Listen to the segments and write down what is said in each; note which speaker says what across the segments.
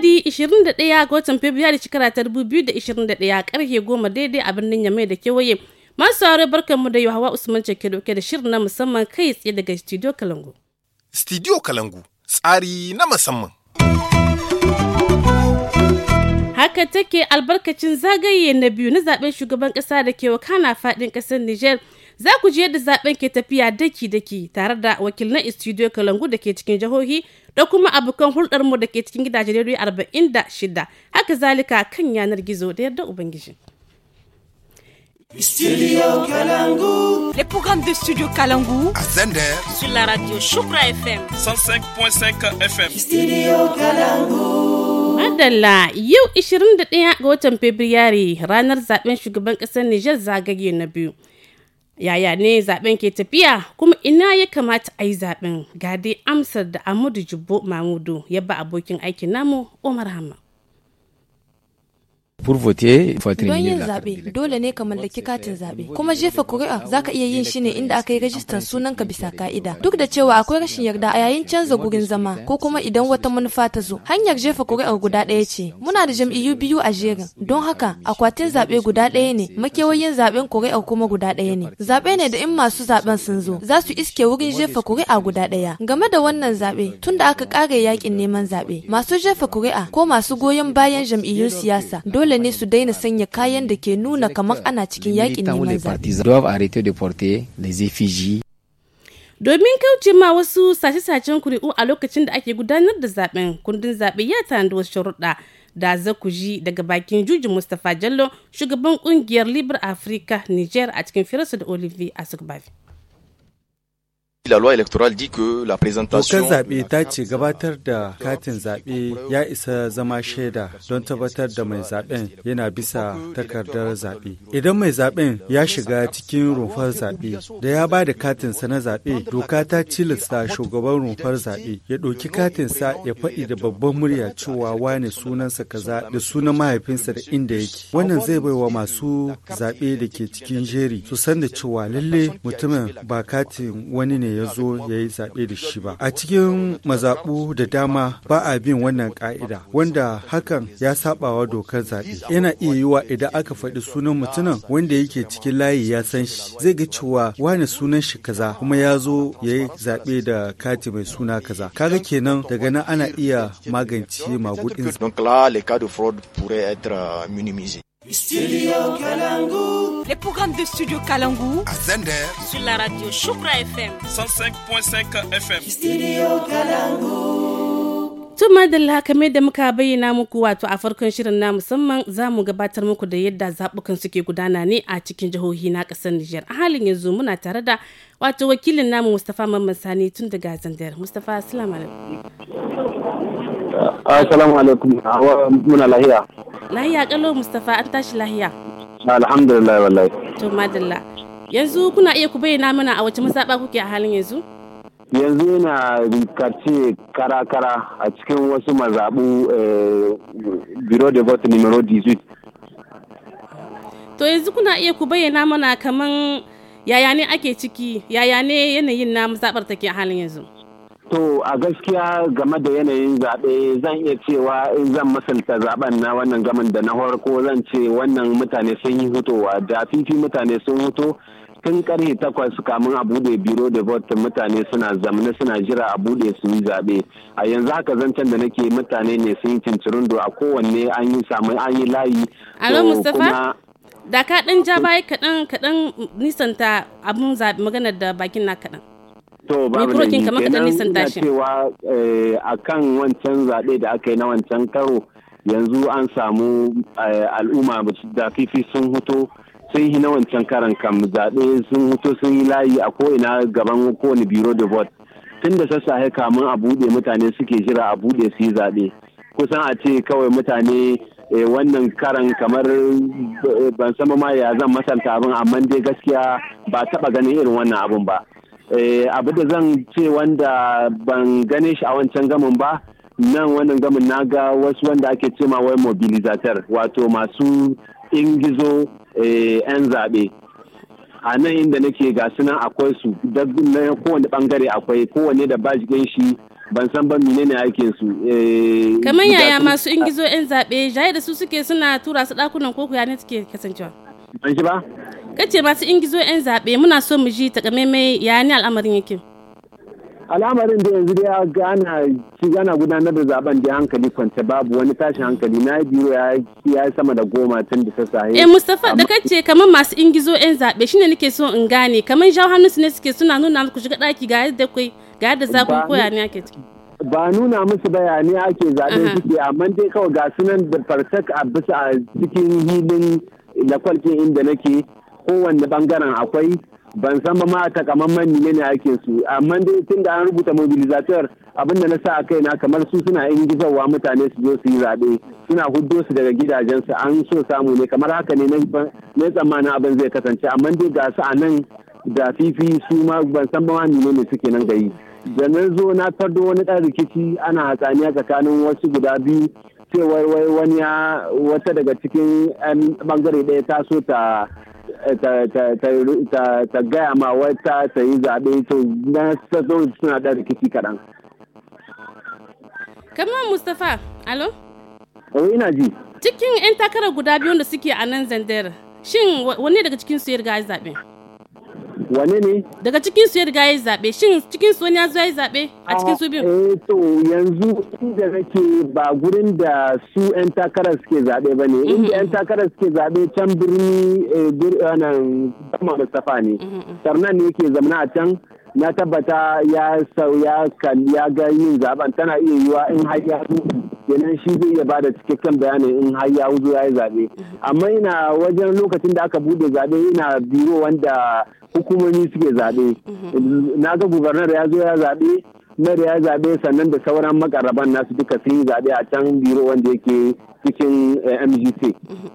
Speaker 1: Lahadi 21 ga watan Fabrairu shekara ta 2021 karfe 10 daidai a birnin Yamai da kewaye. Masu barkan mu da Yahawa Usman ke dauke da shirin na musamman kai tsaye daga Studio Kalangu.
Speaker 2: Studio Kalangu tsari na musamman.
Speaker 1: Haka take albarkacin zagaye na biyu na zaben shugaban kasa da ke wakana fadin kasar Niger. Za ku ji yadda zaben ke tafiya daki-daki tare da wakil na Studio Kalangu da ke cikin jihohi da kuma abokan hulɗarmu da ke cikin gidajen rediyo arba'in da shida haka zalika kan yanar gizo da yadda ubangiji.
Speaker 3: Studio Kalangu. Les programmes de Studio Kalangu. À Zender. Sur la radio Choukra FM. 105.5 FM. Studio
Speaker 4: Kalangu.
Speaker 1: Madalla yau 21 ga watan Fabrairu ranar zaben shugaban ƙasar Nijar zagaye na biyu. yaya ne zaben ke tafiya kuma ina ya kamata a yi zaben ga dai amsar da amudu jibbo mamudu ya ba abokin aikin namu umar hamad
Speaker 4: don yin
Speaker 1: zaɓe dole ne ka mallaki katin zaɓe kuma jefa kuri'a zaka iya yin shi ne inda aka yi rajistar ka bisa ka'ida duk da cewa akwai rashin yarda a yayin canza gurin zama ko kuma idan wata manufa ta zo hanyar jefa kuri'ar guda ɗaya ce muna da jam'iyyu biyu a jerin don haka akwatin zaɓe guda ɗaya ne makewayin zaɓen kuri'ar kuma guda ɗaya ne zaɓe ne da in masu zaɓen sun zo za su iske wurin jefa kuri'a guda ɗaya game da wannan zaɓe tunda aka kare yakin neman zaɓe masu jefa kuri'a ko masu goyon bayan jam'iyyun siyasa dole dole ne su daina sanya kayan da ke nuna kamar ana cikin yakin neman zaɓe. Domin kauce ma wasu sace-sacen kuri'u a lokacin da ake gudanar da zaben kundin zaɓe ya da wasu sharuɗa da za ji daga bakin juji Mustapha Jallo shugaban kungiyar Libre Africa Niger a cikin firarsa da Olivier Asogbavi.
Speaker 4: La loi électorale dit que la présentation Dokar zaɓe ta ce gabatar da katin zaɓe ya isa zama shaida don tabbatar da mai zaɓen yana bisa takardar zaɓe. Idan mai zaɓen ya shiga cikin rumfar zaɓe da ya ba da katinsa na zaɓe, doka ta tilasta shugaban rumfar zaɓe ya ɗauki sa ya faɗi da babban murya cewa wane sunansa kaza da sunan mahaifinsa da inda yake. Wannan zai bai wa masu zaɓe da ke cikin jeri su san da cewa lalle mutumin ba katin wani ne ya zo ya yi zaɓe da shi ba a cikin mazaɓu da dama ba a bin wannan ƙa'ida wanda hakan ya saɓawa dokar zaɓe yana iya yiwa idan aka faɗi sunan mutumin wanda yake cikin layi ya san shi zai ga cewa wani sunan shi kaza kuma ya zo ya yi zaɓe da kati mai suna kaza kaga kenan daga nan ana iya magance magudin euh, Studio
Speaker 3: Kalangu. les programmes de Studio
Speaker 1: Kalangu à
Speaker 3: Zender sur la radio Choukra FM 105.5 FM Studio
Speaker 5: Kalangu
Speaker 1: tun madalla kame da muka bayyana muku wato a farkon shirin na musamman za mu gabatar muku da yadda zaɓukan suke gudana ne a cikin jihohi na ƙasar Nijar. A halin yanzu muna tare da wato wakilin namu mustafa Mamman Sani tun daga Zandar. Mustafa assalamu alaikum.
Speaker 6: Assalamu alaikum, muna lahiya.
Speaker 1: Lahiya kalo mustafa an tashi lahiya.
Speaker 6: alhamdulillah wallahi
Speaker 1: to madalla yanzu kuna iya ku bayyana mana a wace musaba kuke a halin yanzu
Speaker 6: yanzu yana karce kara-kara a cikin wasu mazaɓu eh, biro de vote numero 18
Speaker 1: to yanzu kuna iya ku bayyana mana kaman yaya ne ake ciki yaya ne yanayin na musabar take a halin yanzu
Speaker 6: To a gaskiya game da yanayin zaɓe zan iya cewa in zan misalta zaɓen na wannan gamin da na farko zan ce wannan mutane sun yi hutowa da fifi mutane sun huto tun karfe takwas kamun a bude biro da vote mutane suna zamani suna jira a bude su yi zaɓe a yanzu haka zancen da nake mutane ne sun yi cincirin a kowanne an yi samun an yi layi. Alo Mustapha?
Speaker 1: Da ka ja baya kaɗan kaɗan nisanta abin maganar da bakin na kaɗan.
Speaker 6: To babu da nan na cewa eh, a kan wancan zaɓe da aka yi na wancan karo yanzu an samu eh, al'umma da fifi sun hoto sun yi na wancan karan kam zaɓe sun hoto sun yi layi a ko'ina gaban kowane biro da vote tun da ya kamun a buɗe mutane suke jira a buɗe su yi zaɓe kusan a ce kawai mutane eh, wannan karan kamar ban sama ma ya zan masalta abin amma dai gaskiya ba taɓa ganin irin wannan abun ba. Eh, abu da zan ce wanda ban gane shi a wancan gamin ba nan wannan gamin na ga wasu wanda ake ce ma wai mobilizatar wato masu ingizo eh, 'yan zaɓe a nan inda nake ga sunan akwai su na kowane bangare akwai kowane da ba ɗin shi ban san ban ne aikin su eh, kamar yaya masu ingizo
Speaker 1: 'yan zaɓe jaye da su suke suna tura su ɗakunan koko ya ne suke kasancewa ban shi ba kace masu ingizo 'yan zaɓe muna so mu ji takamaimai ya ni al'amarin yake al'amarin da
Speaker 6: yanzu da gana ana ci gudanar da zaben da hankali kwance babu wani tashin hankali na biro ya ya sama da goma tun da sassahe eh mustafa
Speaker 1: da kace kamar masu ingizo yan zabe shine nake so in gane kamar jawo hannun su ne suke suna nuna ku shiga daki ga yadda kai ga yadda za ku koya ne ake ciki
Speaker 6: ba nuna musu bayani ake zaɓe suke amma dai kawai ga sunan da farsak a bisa a cikin hilin lakwalkin inda nake kowanne bangaren akwai ban san ba ma takamaiman ne ne ake su amma dai tun da an rubuta mobilizator da na sa a kai na kamar su suna gizawa mutane su zo su yi zaɓe suna huddo su daga gidajensu an so samu ne kamar haka ne na tsammanin abin zai kasance amma dai ga su a nan da fifi su ma ban san ba ma ne ne suke nan gayi da na zo na tardo wani ɗan rikici ana hatsaniya tsakanin wasu guda biyu cewar wai wani wata daga cikin bangare ɗaya ta so ta ta gaya ma wata ta yi zaɓe to na sato suna da rikici kaɗan.
Speaker 1: kamar mustapha alo? oh ina ji cikin 'yan takarar guda biyu da suke a nan zandar shin wani daga cikin su ya riga zaɓe? wane ne daga cikin su ya riga ya zaɓe shin cikin su wani ya zuwa ya zaɓe a cikin su
Speaker 6: biyu ah, eh to yanzu inda nake ba gurin da su yan takarar suke zaɓe ba ne mm-hmm, inda yan mm-hmm. takarar suke zaɓe can birni eh, eh, nan Bama Mustapha ne mm-hmm, sarnan ne yake zamana a can na tabbata ya sau ya ya ga yin zaben tana iya yiwa in har ya kenan shi zai iya bada cikakken bayani in har ya wuzo ya yi zaɓe. amma ina wajen lokacin da aka buɗe zaɓe ina biro wanda hukumomi suke zaɓe mhm. na ga gubernar ya zo ya zaɓe mare ya zaɓe sannan da sauran makaraban nasu duka sun yi zaɓe a can biro wanda yake cikin eh, mgc mhm.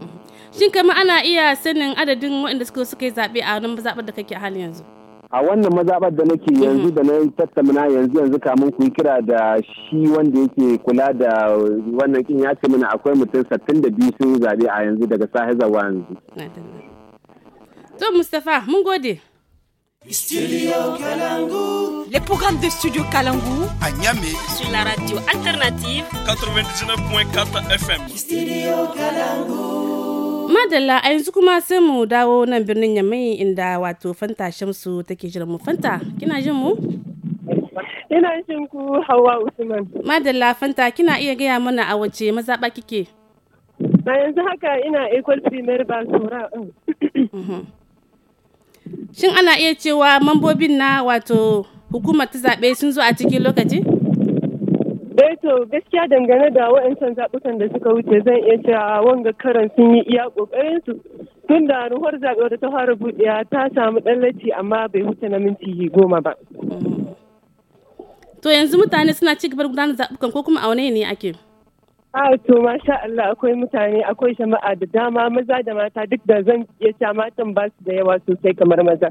Speaker 1: shin kama ana iya sanin adadin waɗanda suka suka yi zaɓe a wani mazaɓar da kake hali yanzu
Speaker 6: a wannan mazaɓar da nake mhm. yanzu da na tattamina yanzu yanzu kamun ku yi kira da shi wanda yake kula da wannan kin ya ce mana akwai mutum sattin da biyu sun yi zaɓe a yanzu daga sahizawa yanzu
Speaker 1: To Mustapha, mun gode. Studio Kalangu. Les programmes de Studio Kalangu. À Niamey. Sur la radio alternative. 99.4 FM. Studio Kalangu. Madalla a yanzu kuma sai mu dawo nan birnin Yamai inda wato Fanta Shamsu take jiran mu. Fanta, kina jin mu? Ina jin
Speaker 5: ku Hawwa Usman.
Speaker 1: Madalla Fanta, kina iya gaya mana a wace mazaba kike? A yanzu haka ina Ecole Primaire
Speaker 5: Basura. Um. Mhm.
Speaker 1: shin ana iya cewa mambobin na wato hukumar ta zaɓe sun zo a cikin lokaci
Speaker 5: eh to gaskiya dangane da wa'ancan zaɓukan da suka wuce zan iya cewa wanga karan sun yi iya ƙoƙarin su tun da ruhuwar zaɓe da ta fara buɗewa ta samu ɗallaci amma bai wuce na minti goma ba.
Speaker 1: To yanzu mutane suna ci gaba gudanar zaɓukan ko kuma a wane ne ake? A to masha Allah akwai
Speaker 5: mutane akwai jama'a da dama maza da mata duk da zan iya cewa matan ba su da yawa sosai kamar maza.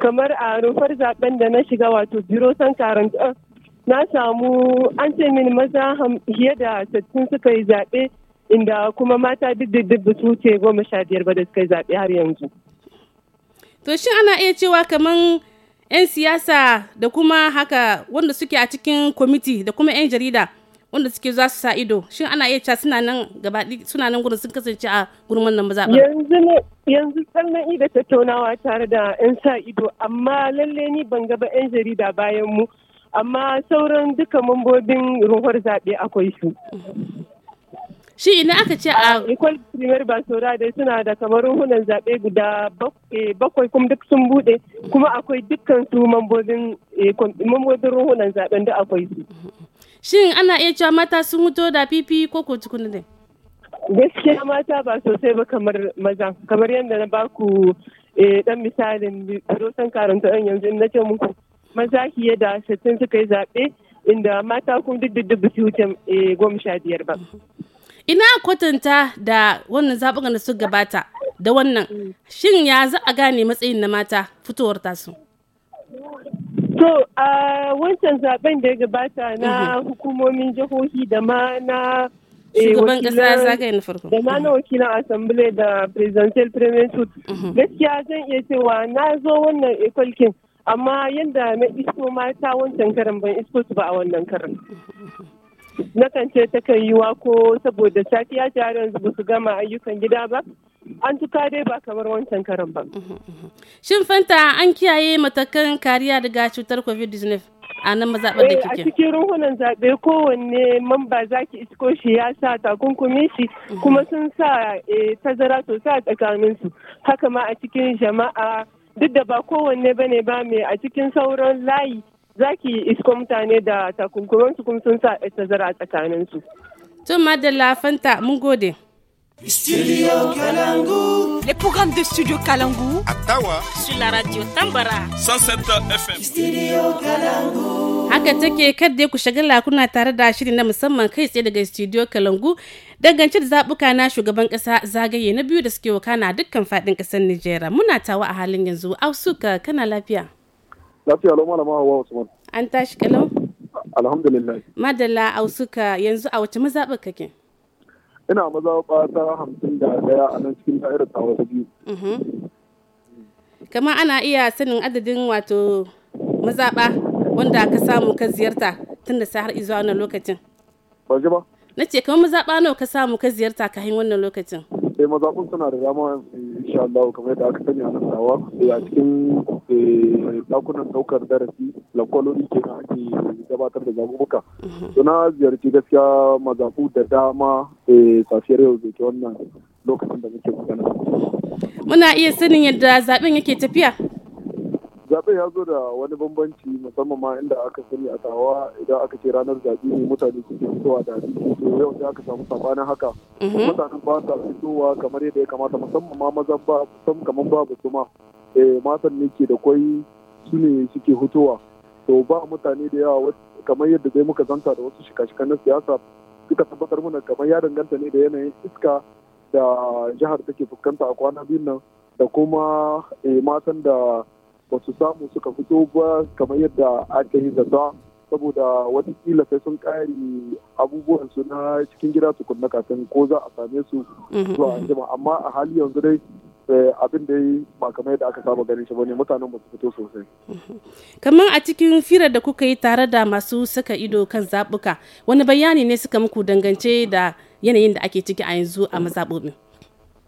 Speaker 5: Kamar a rufar zaben da na shiga wato biro san karanta eh, na samu an ce min maza fiye da sattin suka yi zaɓe inda kuma mata duk da su wuce goma sha biyar ba da suka yi zaɓe har yanzu.
Speaker 1: To shin ana iya cewa kamar 'yan siyasa da kuma haka wanda suke a cikin kwamiti da kuma 'yan jarida wanda suke za su sa ido shin ana iya cewa suna nan gabaɗi suna nan gurin sun kasance a gurin wannan mazaɓar.
Speaker 5: yanzu ne yanzu sannan ida tattaunawa tare da 'yan sa ido amma lalle ni ban gaba 'yan jarida bayan mu amma sauran duka mambobin ruhuwar zaɓe akwai su. shi ina aka ce a ah, primary ba saura dai suna da kamar ruhunan zaɓe guda bakwai eh, kuma duk sun buɗe kuma akwai dukkan su mambobin eh, ruhunan zaɓen da
Speaker 1: akwai su. Shin ana iya cewa mata sun huto da fifi ko ko tukuna ne?
Speaker 5: Gaskiya mata ba sosai ba kamar maza, kamar yadda na baku dan eh, misalin dosan karanta ɗan yanzu na ce muku maza fiye da sittin suka yi zaɓe inda mata kun duk duk su wuce eh, goma sha biyar ba.
Speaker 1: Ina kwatanta da wannan zaɓen da su gabata da wannan shin ya za a gane matsayin na mata fitowar tasu?
Speaker 5: To a wancan zaben da ya gabata na mhm. hukumomin jihohi da ma na eh, da ma na wakilan assembly da presidential premier mhm. gaskiya zan iya cewa na zo wannan ekolkin amma yadda na iso mata wancan karin ban isko su ba a wannan karan mhm, nakan ce ta yi wa ko saboda safiya ta har yanzu basu gama ayyukan gida ba an tuka dai ba kamar wancan karan ba.
Speaker 1: Shin Fanta an kiyaye matakan kariya daga cutar COVID-19 a nan mazaɓar da eh, kike? A
Speaker 5: cikin ruhunan zaɓe kowanne mamba za ki isko shi ya sa takunkumin shi kuma sun sa eh, tazara sosai a tsakanin su. Haka ma a cikin jama'a duk da ba kowanne bane ba mai a cikin sauran layi zaki iska isko mutane da takunkuransu kuma sun sa tazara a tsakaninsu.
Speaker 1: Tun madalla fanta mun gode. Studio Kalangu. Le programme de Studio Kalangu. a Tawa. Sur la radio Tambara. 107 FM. Studio Kalangu. Haka take kadda ku shagala kuna tare da shiri na musamman kai tsaye daga Studio Kalangu. Dangance da zaɓuka na shugaban ƙasa zagaye na biyu da suke wakana dukkan faɗin ƙasar Nijera. Muna tawa a halin yanzu. Ausuka kana lafiya.
Speaker 7: Lafiya lo malama Hawwa Usman.
Speaker 1: An tashi kalau?
Speaker 7: Alhamdulillah.
Speaker 1: Madalla ka yanzu a wace mazaɓar kake? Ina mazaɓa
Speaker 7: ta hamsin da daya a nan cikin da'irar tawa wasu biyu. Mhm.
Speaker 1: Kamar ana iya sanin adadin wato mazaɓa wanda ka samu ka ziyarta tun da har izuwa wannan lokacin. Ba ba. Na ce kamar mazaɓa nawa ka samu ka ziyarta ka hin wannan lokacin.
Speaker 7: Eh mazaɓun suna da dama insha Allah kamar yadda aka sani a nan sawa eh, a cikin dakunan eh, daukar darasi lakwaloni ke na ake gabatar da zabubuka mhm. To na ziyarci gaskiya mazafu da dama eh, safiyar yau zai ke wannan lokacin da muke magana.
Speaker 1: Muna iya sanin yadda zaɓen yake tafiya?
Speaker 7: zaɓe ya zo da wani bambanci musamman ma inda aka sani a tawa idan aka ce ranar zaɓe ne mutane suke fitowa da to yau sai aka samu sabanin haka mhm. Mutanen ba sa fitowa kamar yadda ya kamata musamman ma maza ba sam kamar babu su ma eh, matan ne ke da kwai su ne suke fitowa to ba mutane da yawa kamar yadda zai muka zanta da wasu shika-shikan na siyasa suka tabbatar mana kamar ya danganta ne da yanayin iska da jihar take fuskanta a kwana biyun nan da kuma eh, matan da ba su samu suka fito ba kamar yadda aka yi zaton saboda watakila sai sun kare abubuwan su na cikin gida su kunna kafin ko za a same su mhm, zuwa mhm. jima amma a hali yanzu dai eh, abin da ba kamar yadda aka saba ganin shi ba ne mutanen ba su fito sosai mhm.
Speaker 1: kamar a cikin firar da kuka yi tare da masu saka ido kan zabuka wani bayani ne suka muku dangance da yanayin da ake ciki a yanzu a mazaɓoɓin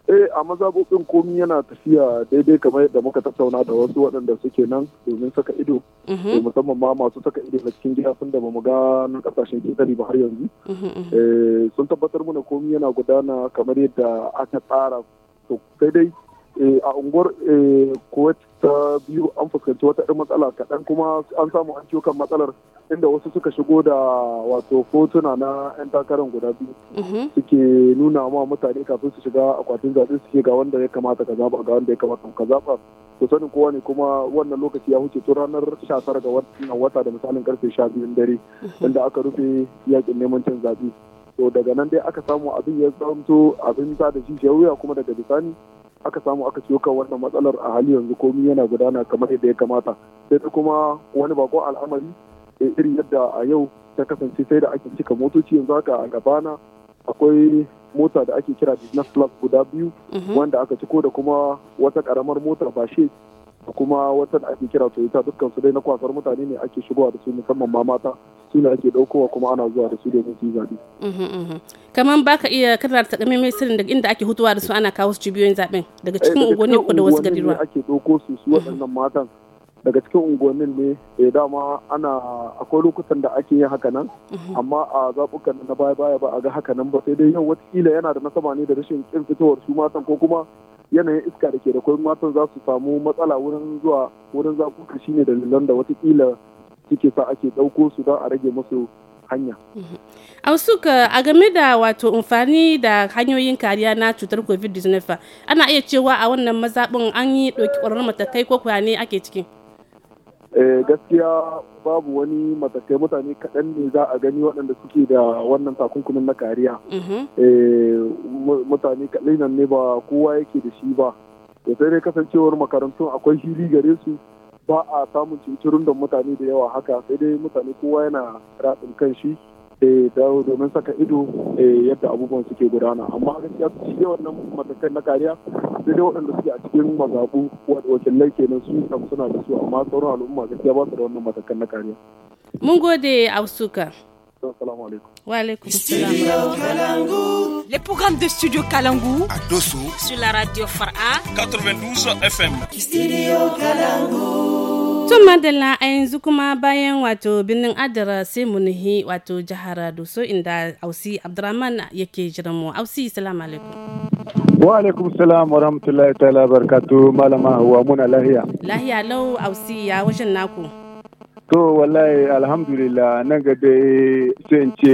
Speaker 7: eh a mazaɓoɓin komi yana tafiya daidai kamar yadda muka tattauna da wasu waɗanda suke nan domin saka ido mhm. eh, musamman ma masu saka ido na cikin gida sun da bamu ga na kasashen ƙetare ba har yanzu mhm, mhm. Eh, sun tabbatar mana komi yana gudana kamar yadda aka tsara to sai dai Eh, a unguwar eh, kuwait ta biyu an fuskanci wata ɗan matsala kaɗan kuma an samu an ciwo kan matsalar inda wasu suka shigo da wato hotuna na 'yan takarar guda biyu mhm. suke nuna ma mutane kafin su shiga akwatin zaɓe suke ga wanda ya kamata ka zaɓa ga wanda ya kamata ka zaɓa to sanin kowa ne kuma wannan lokaci ya huce tun ranar tara ga wannan wata da misalin karfe sha biyu dare mhm. inda aka rufe yakin neman cin zaɓe to daga nan dai aka samu abin ya zamto abin ta da shi wuya kuma daga bisani aka samu aka ciyo kan wannan matsalar a hali yanzu komi yana gudana kamar yadda ya kamata sai da kuma wani bako al'amari eh, irin yadda a yau ta kasance sai da ake cika motoci yanzu haka a gabana akwai mota da ake kira business class guda biyu mhm. wanda aka ciko da kuma wata karamar motar bashe kuma wata da ake kira toyota dukkan su dai na kwasar mutane ne ake shigowa da su musamman ma mata su ne ake daukowa kuma ana zuwa da su da su zaɓe.
Speaker 1: kamar ba ka iya kana ta kamar mai sirrin daga inda ake hutuwa da su ana kawo su cibiyoyin zaɓen daga eh, cikin unguwanni ko da wasu ruwa. ake
Speaker 7: ɗauko su su waɗannan matan daga cikin unguwannin ne eh, dama ana akwai lokutan da ake yin haka nan amma a zaɓukan na baya baya ba a ga haka nan ba sai dai yau watakila yana da nasaba ne da rashin kin fitowar su matan ko kuma yanayin iska da ke da kwai matan za su samu matsala wurin zuwa wurin zakuka shine dalilan da watakila suke sa ake ɗauko su don a rage musu hanya. Mm-hmm.
Speaker 1: Ausuka uh, a game da wato amfani da hanyoyin kariya na cutar covid-19 ana iya cewa a wannan mazaɓin an yi ɗauki ƙwararrun matakai ko kuwa ne ake ciki.
Speaker 7: Eh, gaskiya babu wani matakai mutane kaɗan ne za a gani waɗanda suke da wannan takunkumin na kariya mm-hmm. eh, mutane nan ne ba kowa yake da shi ba da sai dai kasancewar makarantun akwai hili gare su ba a samun cincirin da mutane da yawa haka sai dai mutane kowa yana ratsin kan shi Eh, dawo domin saka ido eh, yadda abubuwan suke gudana amma gaskiya su ce wannan matakai na kariya sai dai waɗanda suke a cikin mazaɓu wakilai kenan su kam suna da su amma sauran al'umma gaskiya ba su da wannan matakan na kariya.
Speaker 1: mun gode ausuka. Assalamu alaikum. Wa alaikum salam. Les programmes de Studio Kalangu à Dosso sur la radio Fara 92 FM. Studio Kalangu. tun madalla a yanzu kuma bayan wato birnin adara sai mu nuhi wato jihar doso inda ausi abdurrahman yake jiran mu ausi salamu alaikum
Speaker 2: wa alaikum salam wa rahmatullahi ta'ala barkatu malama hawa muna lahiya
Speaker 1: lahiya lau ausi ya wajen naku
Speaker 2: To wallahi alhamdulillah nan ga dai sai ce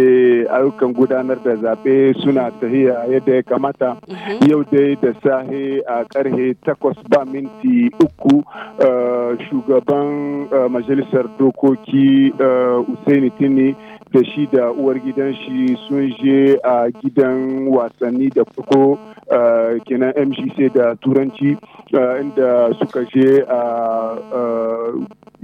Speaker 2: ayyukan gudanar da zaɓe suna tahiya yadda ya kamata mhm. yau dai da sahe a karhe takwas ba minti uku eh, shugaban eh, majalisar dokoki eh, Usaini Tini da shi da uwar gidan shi sun je a gidan wasanni da farko kenan mgc da turanci inda suka je a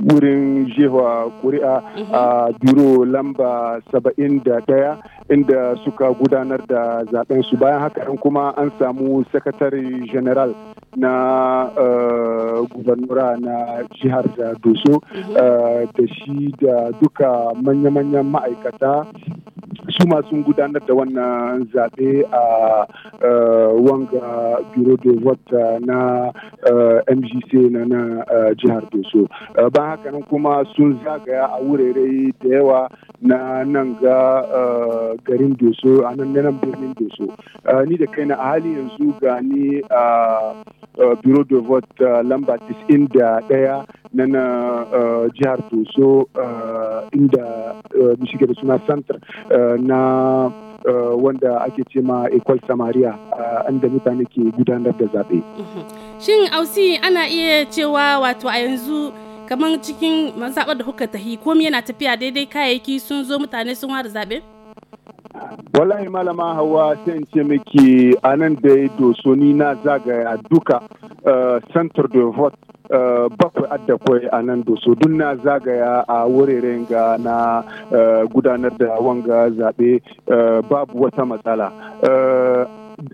Speaker 2: wurin jewa kuri'a a biro lamba 71 inda suka gudanar da zaben su bayan haka kuma an samu sakatare general na eh, gubernura na jihar da doso mhm. eh, da shi da duka manya-manyan ma'aikata su masu gudanar da wannan zaɓe a eh, wanga biro de vote na eh, mgc na na eh, jihar doso ba haka nan kuma sun zagaya a wurare da yawa na nan ga garin doso a nan nan birnin doso ni da kaina a hali yanzu gani a biro de vote lamba 91 na na uh, jihar Toso uh, inda uh, shiga da suna santar na wanda ake ce ma Ecole Samaria inda mutane ke gudanar da zaɓe. Mhm.
Speaker 1: Shin ausi ana iya cewa wato a yanzu kamar cikin zaɓar da kuka tahi komi yana tafiya daidai kayayyaki sun zo mutane sun ware zaɓe?
Speaker 2: wallahi malama hawa sai ce miki anan da ya doso ni na zagaya duka uh, center de vote Eh, bakwai addakwai a nan doso duk na zagaya a wuraren ga na eh, gudanar da wanga zaɓe eh, babu wata matsala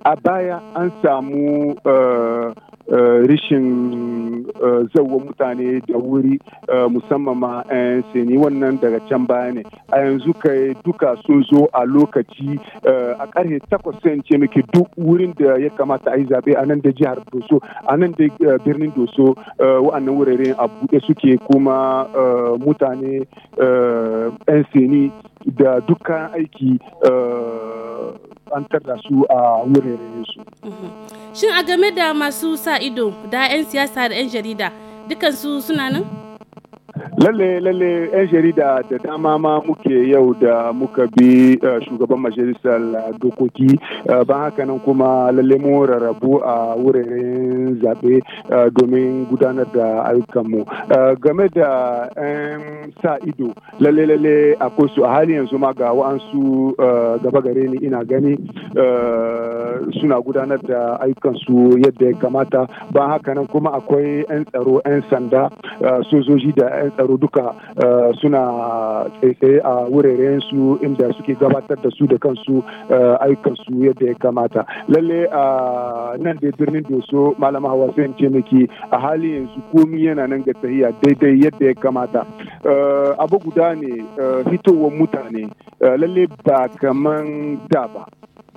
Speaker 2: a baya an samu Eh, rishin eh, zauwa mutane da wuri eh, musamman ma 'yan sini wannan daga can baya ne a yanzu ka duka sun zo a lokaci a karhe takwas sai ce miki duk wurin da ya kamata a yi zaɓe a nan da jihar doso a nan da birnin doso wa'annan wurare a buɗe suke kuma mutane 'yan sini da dukkan aiki an tarda su a wuraren su. Mm-hmm.
Speaker 1: shin a game da masu sa ido da 'yan siyasa da 'yan jarida dukansu suna nan
Speaker 2: lalle lalle yan jarida da dama ma muke yau da muka bi eh, shugaban majalisar dokoki eh, ban haka nan kuma lalle mu rarrabu a wuraren zaɓe eh, domin gudanar da ayyukanmu game da yan sa ido lalle lalle a su a hali yanzu ma ga wa'ansu gaba gare ni ina gani suna gudanar da ayyukansu yadda ya kamata ban haka nan kuma akwai yan tsaro yan sanda sojoji da yan tsaro tsaro duka eh, suna tsaitsaye a wuraren su inda suke gabatar da su da kansu eh, aikan su yadda ya kamata lalle a eh, nan da birnin doso malama hawa sai ce miki a hali yanzu komi yana nan ga tahiya daidai yadda ya kamata abu guda ne hitowar mutane lalle ba kaman da ba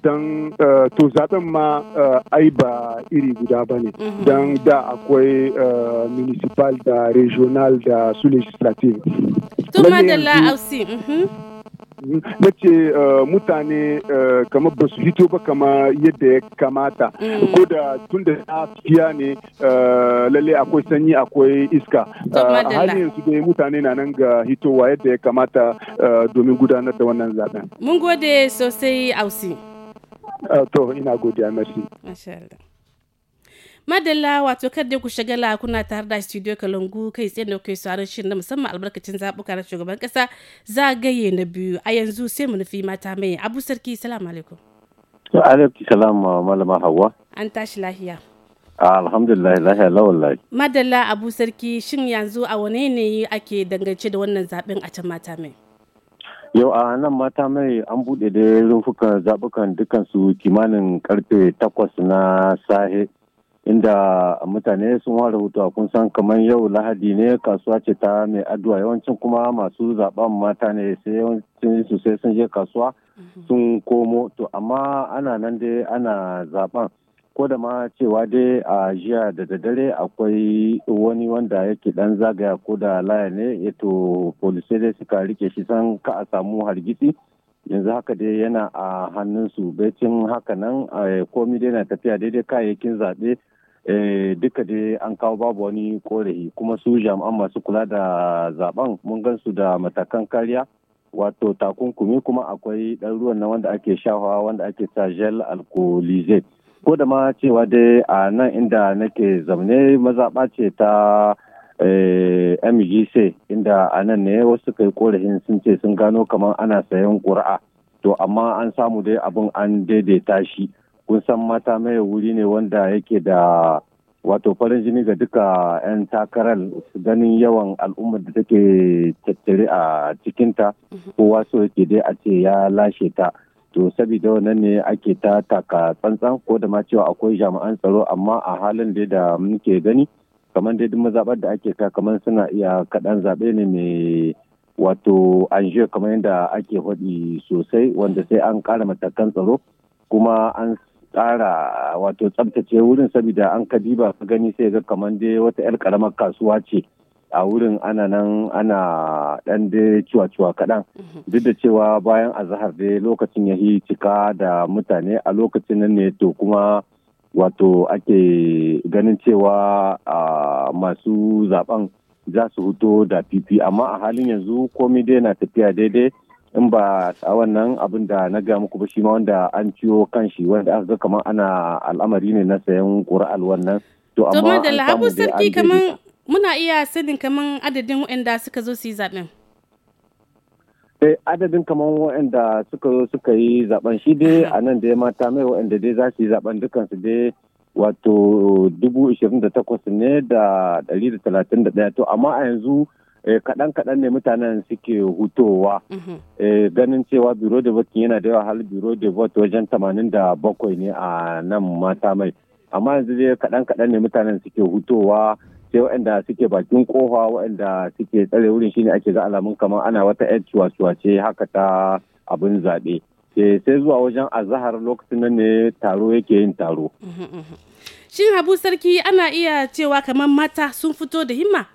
Speaker 2: don eh, to zaben ma eh, ai ba iri guda ba ne mhm. don da akwai eh, municipal da regional da su legislative.
Speaker 1: Tuma da la'ausi.
Speaker 2: na ce mutane kama ba su hito ba kama yadda ya kamata mm. ko da tun da fiya ne lalle akwai sanyi akwai iska a halin yanzu dai mutane na nan ga hitowa yadda ya kamata domin gudanar da wannan zaben
Speaker 1: mun gode sosai ausi
Speaker 2: Ah, to ina godiya
Speaker 1: merci madalla wato kada ku shagala kuna tare da studio kalangu kai tsaye da kai sauran shirin na musamman albarkacin zabuka na shugaban kasa za gaye na biyu a yanzu sai mu nufi mata mai abu sarki salamu alaikum
Speaker 8: wa alaikum salam malama hawa
Speaker 1: an tashi lahiya
Speaker 8: ah, alhamdulillah lahiya lawallahi
Speaker 1: madalla abu sarki shin yanzu a wane ne ake dangance da wannan zaben a can mata mai
Speaker 8: Yau a nan mata mai an buɗe da rufukan zaɓukan dukansu kimanin karfe takwas na sahe inda mutane sun ware hutu kun san kamar yau lahadi ne kasuwa ce ta mai addu'a yawancin kuma masu zaɓen mata ne sai yawancin su sai sun je kasuwa mhm. sun komo to amma ana nan dai ana zaɓen. ko da ma cewa dai a jiya da daddare akwai wani wanda yake dan zagaya ko da laya ne eh, to polisai dai suka rike shi san ka a samu hargitsi yanzu haka dai yana a hannun su becin haka nan eh, komi dai na tafiya daidai kayayyakin zaɓe eh, duka dai an kawo babu wani korafi kuma su jami'an masu kula da zaben mun gan su da matakan kariya wato takunkumi kuma akwai ɗan ruwan na wanda ake shahawa wanda ake sa gel alcoholizate ko da ma cewa dai a nan inda nake zamne mazaɓa ce ta eh, MGC inda a nan ne wasu kai korafin sun ce sun gano kamar ana sayan ƙuri'a to amma an samu dai abin an daidaita shi kun san mata mai wuri ne wanda yake da wato farin jini ga duka 'yan takarar ganin yawan al'ummar da take tattare a cikinta mm-hmm. kowa so yake dai a ce ya lashe ta to saboda wannan ne ake ta taka tsantsan ko da ma cewa akwai jami'an tsaro amma a halin da da muke gani kamar dai mazabar da ake ka kamar suna iya kaɗan zaɓe ne mai wato anjiyar kamar yadda ake faɗi sosai wanda sai an ƙara matakan tsaro kuma an ƙara wato tsabtace wurin saboda an kadiba ka gani sai ga kamar dai wata 'yar ƙaramar kasuwa ce a wurin ana nan ana dan da ciwa-ciwa kaɗan mhm. duk da cewa bayan azahar dai lokacin ya yi cika da mutane a lokacin nan ne to kuma wato ake ganin cewa masu zaben za su hoto da pipi amma a halin yanzu komai dai na tafiya daidai in ba a wannan abin da na ga muku ba shi ma wanda an ciwo kan shi wanda aka ga kamar ana al'amari ne na sayan ƙura'al wannan to amma an samu dai an
Speaker 1: muna iya sanin kaman adadin waɗanda suka zo su yi zaben
Speaker 8: eh, adadin kamar waɗanda suka zo suka yi zaben shi dai a nan da ya mata mai waɗanda dai za su yi zaben dukansu dai wato dubu ishirin da takwas ne da 131 da talatin da ɗaya to amma a yanzu eh, kaɗan kaɗan ne mutanen suke hutowa mhm. eh, ganin cewa biro da bakin yana da yawa hal biro da vote wajen tamanin da bakwai ne a nan mata mai amma yanzu dai kaɗan kaɗan ne mutanen suke hutowa sai waɗanda suke bakin kofa waɗanda suke tsare wurin shine ake ga alamun kamar ana wata yar ciwaciwace haka ta abin zaɓe eh, sai zuwa wajen azahar lokacin nan ne taro yake yin taro
Speaker 1: mhm, mhm. shin habu sarki ana iya cewa kamar mata sun fito da himma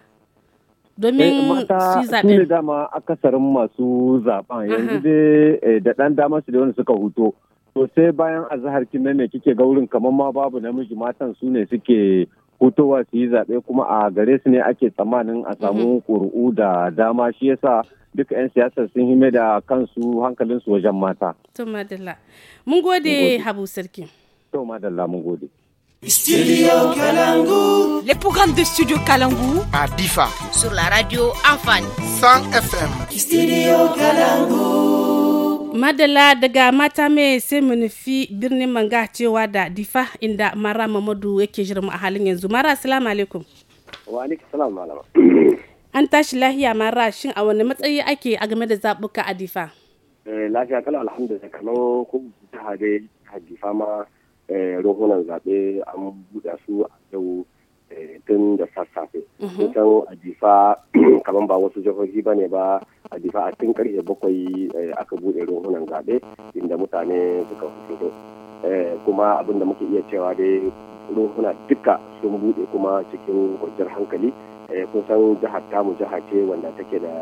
Speaker 1: domin eh, su zaɓe
Speaker 8: dama akasarin masu zaɓen yanzu dai eh, da ɗan dama su da wani suka huto sosai bayan azahar kin ne kike ga wurin kamar ma babu namiji matan su ne suke fitowa su yi zaɓe kuma a gare su ne ake tsammanin a samu mhm. ƙuri'u da dama shi yasa duka 'yan siyasar sun hime da kansu hankalinsu wajen mata.
Speaker 1: To madalla. Mun gode Habu Sarki. To
Speaker 8: madalla mun gode.
Speaker 1: Studio Kalangu. Les programmes de Studio Kalangu.
Speaker 8: A
Speaker 4: Difa. Sur la radio Afan. 100 FM. Studio
Speaker 1: Kalangu. madala daga mata mai sai mu nufi birnin manga cewa da difa inda mara mamadu yake jirma a halin yanzu mara assalamu alaikum
Speaker 9: wa alaikum salam malama
Speaker 1: an tashi lahiya mara shin a wani matsayi ake a game da zabuka a difa
Speaker 9: eh, lafiya kala alhamdulillah kalau ko jiha a difa ma eh, rohunan zabe an buɗe su a yau eh, tun da sassafe. mutan mhm. a difa kamar ba wasu jihohi ba ne ba a difa tun karfe bakwai eh, aka buɗe rohunan zaɓe inda mutane suka fito eh, kuma abin da muke iya cewa dai rohuna duka sun buɗe kuma cikin kwanciyar hankali eh, kun san jihar tamu jiha ce wanda take da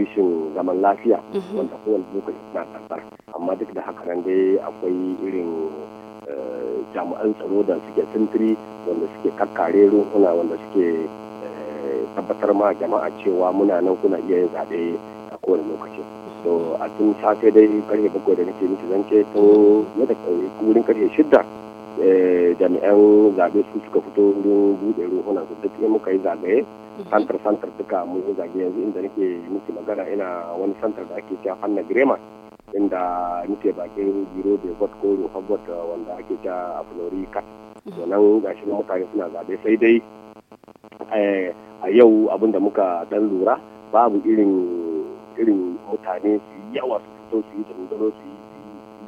Speaker 9: rishin zaman lafiya mhm. wanda kowane lokaci na tsantsar amma duk da haka nan dai akwai irin jami'an tsaro da suke sintiri wanda suke kakkare rohuna wanda suke tabbatar ma jama'a cewa muna nan kuna iya yin zaɓe a kowane lokaci so a tun safe dai karfe bakwai da nake miki zance tun yadda wurin karfe shidda eh, jami'an zaɓe su suka fito wurin buɗe ruhunan su duk muka yi zagaye santar santar duka mun yi zagaye yanzu inda nake miki magana ina wani santar da ake cewa fanna grema inda nake bakin biro da vote ko ruhun eh, wanda ake cewa a florida to nan gashi mutane suna zaɓe sai dai eh, a yau abin da muka dan lura babu irin irin mutane su yawa su fito su yi dandano su yi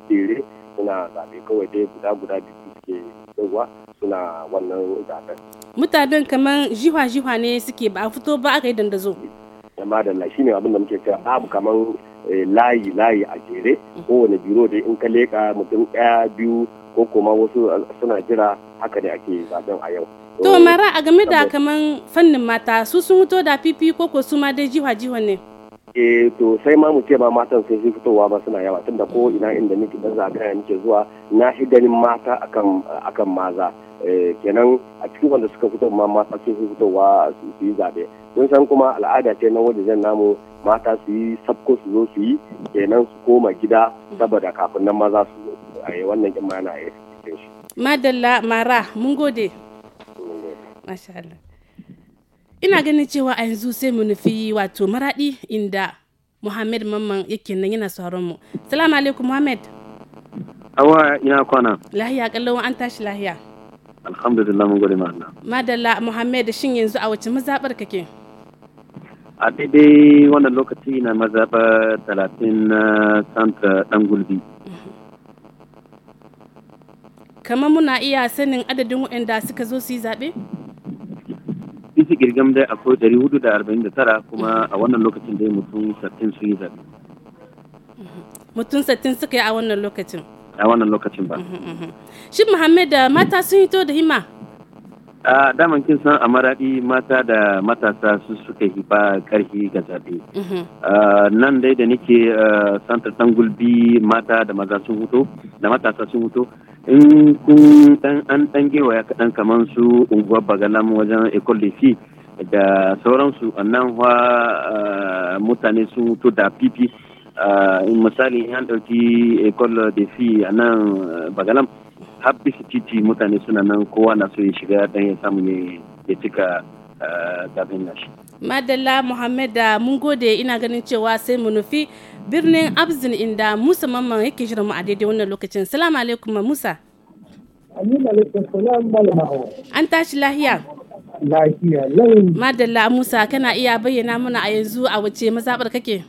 Speaker 9: tsere suna zaɓe kawai dai guda guda biyu suke yawa suna wannan zaɓen.
Speaker 1: mutanen kamar jiwa-jiwa ne suke ba a fito ba aka yi dandazo.
Speaker 9: amma da lashi ne abin da muke cewa babu kamar eh, layi layi a jere kowane biro dai in ka leka mutum ɗaya biyu ko kuma wasu suna jira haka ne ake zaben a yau. to oh. mara a game da
Speaker 1: kaman fannin mata su sun fito da fifi ko ko su ma dai jiwa jiwa ne
Speaker 9: eh to sai ma mu ce ba matan sai su fitowa ba suna yawa tunda ko ina inda nake dan zagaya nake zuwa na shi ganin mata akan akan maza eh, kenan a cikin wanda suka fito ma mata sai su fitowa su yi zabe kun san kuma al'ada ce na wajen namu mata su yi sabko su zo su yi kenan su koma gida saboda kafin nan maza su zo a wannan kin ma na yi
Speaker 1: madalla mara mun gode ina ganin cewa a yanzu sai mu nufi wato maradi inda muhammed mamman yake nan yana sauran mu salamu alaikum muhammad
Speaker 10: awa ina kwana
Speaker 1: lahiya kallon an tashi lahiya
Speaker 10: alhamdulillah mun gode ma Allah
Speaker 1: madalla muhammed shin yanzu a wace mazabar kake
Speaker 10: a daidai wannan lokaci na mazaba talatin na santa dan gulbi
Speaker 1: kamar muna iya sanin adadin waɗanda suka zo su yi zaɓe?
Speaker 10: bisa girgam dai akwai 449 kuma mhm. a wannan lokacin dai mutum sattin sun yi zaɓe.
Speaker 1: Mhm. Mutum sattin suka yi a wannan lokacin?
Speaker 10: A wannan lokacin ba. Mhm,
Speaker 1: Shi Muhammad da uh, mata sun hito da hima?
Speaker 10: a daman kin san a maraɗi mata da matasa su suka yi ba karfi ga zaɓe nan dai da nake uh, santa tangulbi mata da maza sun huto da matasa sun hito, in kun dan an dan ya kaɗan kamar su unguwar bagalam wajen ecole de da sauransu nan wa eh, mutane su to da pipi eh, misali an ɗauki ecole de a nan eh, bagalam har titi mutane suna nan kowa na so ya shiga dan ya samu ya cika zaben eh, nashi
Speaker 1: madalla Muhammad da mun gode ina ganin cewa sai mu nufi birnin abzin inda musa mamman yake shirin mu a daidai wannan lokacin salamu alaikum ma musa an tashi lahiya
Speaker 3: Lahiya. lauyi
Speaker 1: madalla musa kana iya bayyana mana a yanzu a wace mazabar kake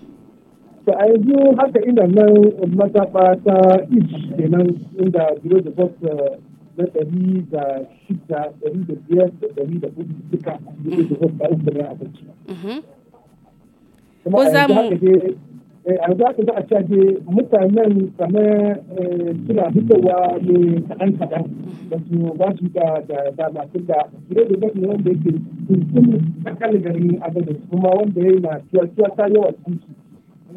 Speaker 3: Ta a yanzu haka ina nan mazaɓa ta iji kenan inda biro da boss na ɗari da shida ɗari da biyar da ɗari da hudu duka da ke da da uku da mhm. a kanci. Ko za mu eh, a za ka za a caje mutanen kamar eh, suna fitowa ne kaɗan kaɗan da mhm. su ba su da dama tun da gire da gani wanda yake tuntun kakalin garin abin kuma wanda ya yi na tuwa ta yawa cikin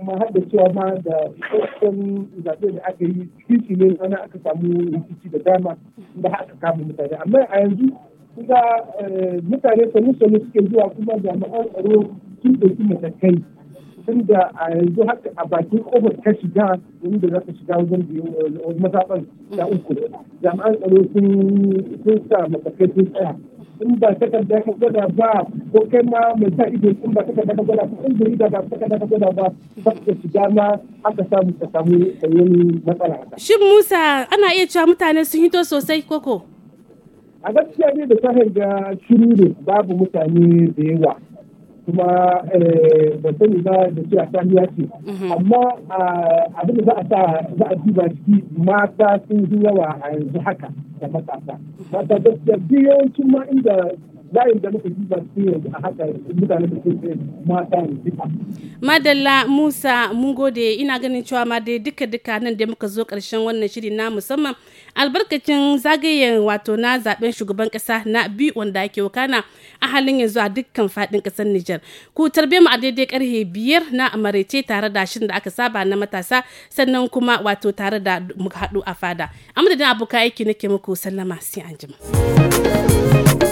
Speaker 3: kuma har da cewa ma da ɗan zaɓe da aka yi kici ne wani aka samu rikici da dama da haka kama mutane amma a yanzu kuka eh, mutane sanu-sanu suke zuwa kuma jami'an tsaro sun ɗauki matakai tunda a yanzu haka a bakin kofar ka shiga wanda za ka shiga wajen eh, mazaɓar da uku jami'an tsaro sun sa matakai sun tsaya in ba takarda ka gwada ba ko kai ma mai sa ido in ba takarda ka gwada ko in jarida ba saka daga gwada ba za ka shiga ma aka samu ka samu wani matsala
Speaker 1: Shin Musa ana iya cewa mutane sun hito sosai koko?
Speaker 3: A gaskiya ne da sahar ga shiru ne babu mutane da yawa kuma eh, ba sani ba da cewa ce mhm. amma abin da za a sa za a duba shi mata sun yi yawa a yanzu haka da matasa mata gaskiya ma inda bayan da muka ji su yanzu a haka mutane da suke mata ne duka.
Speaker 1: Madalla Musa mun gode ina ganin cewa ma dai duka duka nan da muka zo karshen wannan shiri na musamman albarkacin zagayen wato na zaben shugaban kasa na biyu wanda ake wakana a halin yanzu a dukkan fadin kasar Nijar. Ku tarbe mu a daidai karhe biyar na amarece tare da shirin da aka saba na matasa sannan kuma wato tare da muka haɗu a fada. Amma da abokan aiki nake muku sallama sai anjima.